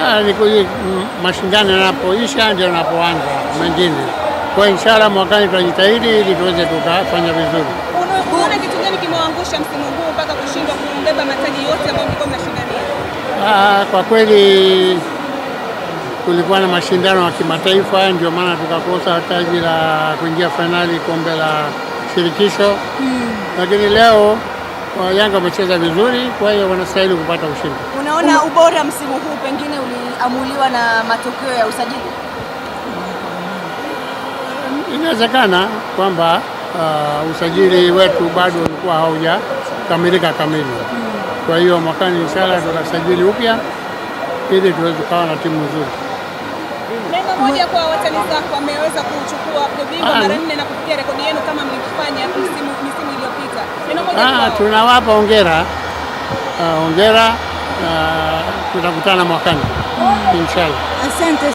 Ah, nikuji mashindano yanapoisha ndio yanapoanza mengine. Kwa inshallah mwakani tutajitahidi ili tuweze tukafanya vizuri. Unaona kitu gani kimewaangusha msimu huu mpaka kushindwa kubeba mataji yote ambayo mlikuwa mnashindania? Ah, kwa kweli kulikuwa na mashindano ya kimataifa, ndio maana tukakosa taji la kuingia fainali kombe la shirikisho, hmm. lakini leo kwa Yanga wamecheza vizuri, kwa hiyo wanastahili kupata ushindi. Unaona ubora msimu huu pengine uliamuliwa na matokeo ya usajili? Inawezekana kwamba uh, usajili wetu bado ulikuwa haujakamilika kamili. Kwa hiyo mwakani inshallah tutasajili upya ili tuweze kuwa na timu nzuri. Neno moja kwa watani zako, ameweza kuchukua ah, mara nne na kufikia rekodi yenu kama mlifanya Ah, tunawapa hongera ah, hongera, uh, uh, ah, tutakutana mwakani oh. inshallah. Asante.